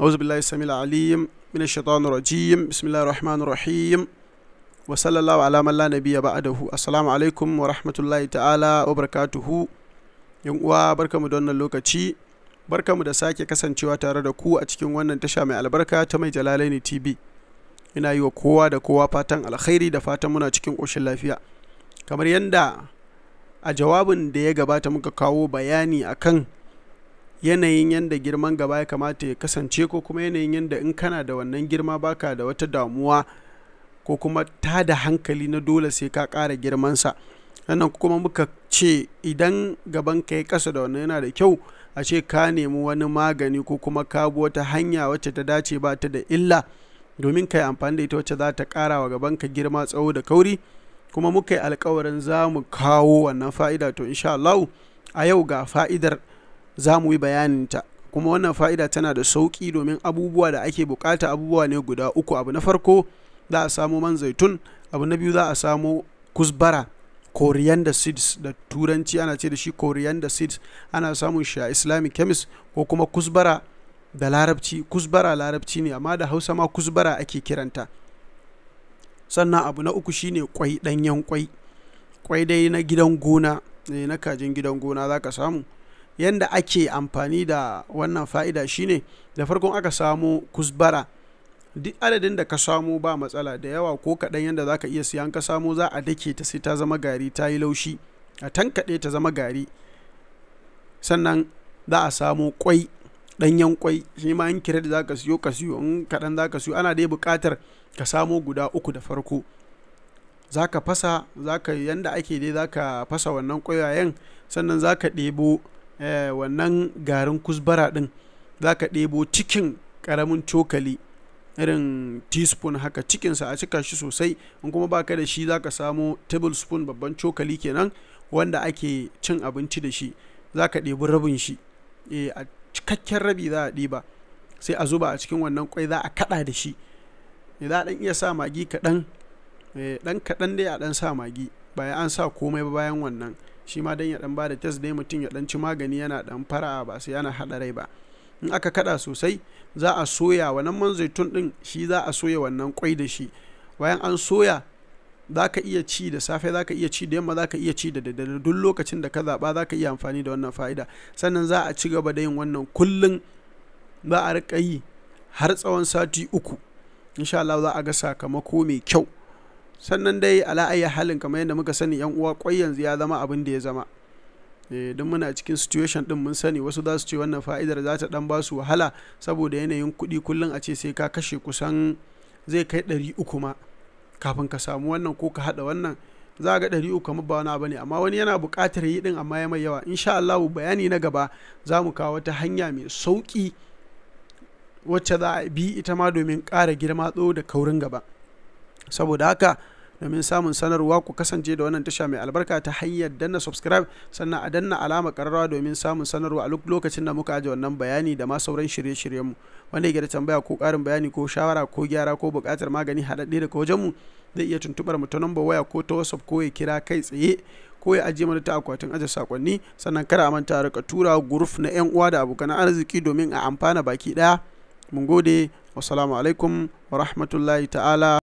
أعوذ بالله السميع العليم من الشيطان الرجيم بسم الله الرحمن الرحيم وصلى الله yan uwa barkamu da wannan lokaci barkamu da sake kasancewa tare da ku a cikin wannan tasha mai albarka ta mai jalalaini tv ina yi wa kowa da kowa fatan alkhairi da fatan muna cikin koshin lafiya kamar yadda a jawabin da ya gabata muka kawo bayani akan yanayin yadda girman gaba ya kamata ya kasance ko kuma yanayin yadda in kana da wannan girma baka da wata damuwa ko kuma ta da hankali na dole sai ka ƙara girmansa sannan kuma muka ce idan gaban ka ya kasa da wannan yana da kyau a ce ka nemi wani magani ko kuma ka bi wata hanya wacce ta dace ba ta da illa domin ka yi amfani da ita wacce za ta ƙara wa gaban ka girma tsawo da kauri kuma muka yi alkawarin za mu kawo wannan fa'ida to insha Allah a yau ga fa'idar za mu yi bayaninta kuma wannan fa'ida tana da sauƙi domin abubuwa da ake bukata abubuwa ne guda uku abu na farko za a samo man zaitun abu na biyu za a samo kusbara coriander seeds da turanci ana ce da shi coriander seeds ana samun shi a islamic chemist ko kuma kusbara da larabci kusbara larabci ne amma da hausa ma kusbara ake kiranta sannan abu na uku shine kwai ɗanyen kwai kwai dai na gidan gona eh, na kajin gidan gona za ka samu yanda ake amfani da wannan fa'ida shine da farkon aka samu kusbara duk adadin da ka samu ba matsala da yawa ko kaɗan yadda za ka iya siyan ka samu za a dake ta sai ta zama gari ta yi laushi a tankaɗe ta zama gari sannan za a samu kwai ɗanyen kwai shi ma in kira da za ka siyo ka siyo in kaɗan za ka siyo ana dai buƙatar ka samo guda uku da farko za ka fasa za ka yanda ake dai za ka fasa wannan ƙwayayen sannan za ka ɗebo Eh, wannan garin kusbara din za ka ɗebo cikin ƙaramin cokali irin teaspoon haka cikinsa a cika shi sosai in kuma baka da shi za ka samo tablespoon babban cokali kenan wanda ake cin abinci da shi za ka ɗebi rabin shi eh, a cikakken rabi za a ɗiba sai a zuba a cikin wannan kwai za a kaɗa da shi eh, za a ɗan iya sa magi kaɗan ɗan kaɗan dai a ɗan sa magi bayan an sa komai bayan wannan shi ma dan ya dan da test dai mutum ya dan ci magani yana dan fara ba sai yana hada rai ba in aka kada sosai za a soya wannan man zaitun din shi za a soya wannan kwai da shi bayan an soya za ka iya ci da safe za ka iya ci da yamma za ka iya ci da daddare duk lokacin da ka zaɓa za ka iya amfani da wannan fa'ida sannan za a ci gaba da yin wannan kullum za a riƙa yi har tsawon sati uku insha Allah za a ga sakamako mai kyau sannan dai ala ayi halin kamar yadda muka sani yan uwa kwai yanzu ya zama abin da ya zama eh, don muna cikin situation din mun sani wasu za su ce wannan fa'idar za ta dan basu wahala saboda yanayin kuɗi kullum a ce sai ka kashe kusan zai kai ɗari uku ma kafin ka samu wannan ko ka hada wannan za ga ɗari uku kamar ba wani abu ne amma wani yana buƙatar yi ɗin amma ya mai yawa insha Allah bayani na gaba za mu kawo wata hanya mai sauƙi wacce za a bi ita ma domin ƙara girma tso da kaurin gaba saboda haka domin samun sanarwa ku kasance da wannan tasha mai albarka ta hanyar danna subscribe sannan a danna alama kararrawa domin samun sanarwa a duk lokacin da muka aje wannan bayani da ma sauran shirye mu wanda yake da tambaya ko karin bayani ko shawara ko gyara ko buƙatar magani haɗaɗɗe daga wajenmu zai iya tuntuɓar mu ta number waya ko ta whatsapp ko ya kira kai tsaye ko ya ajiye mana ta akwatin aje sakonni sannan kar a manta rika tura guruf na yan uwa da abokan arziki domin a amfana baki daya mun gode wassalamu alaikum wa rahmatullahi ta'ala